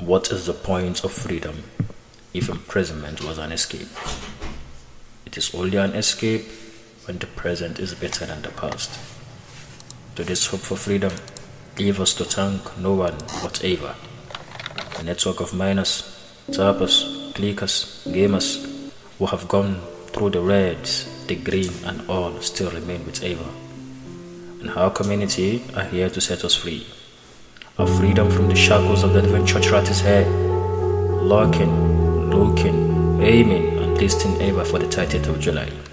What is the point of freedom if imprisonment was an escape? It is only an escape when the present is better than the past. To this hope for freedom, leave us to thank no one whatever. A network of miners, tappers, clickers, gamers who have gone through the reds, the green, and all still remain with Ava. And our community are here to set us free our freedom from the shackles of the adventure church rat is here. Locking, looking, aiming, and listing ever for the 30th of July.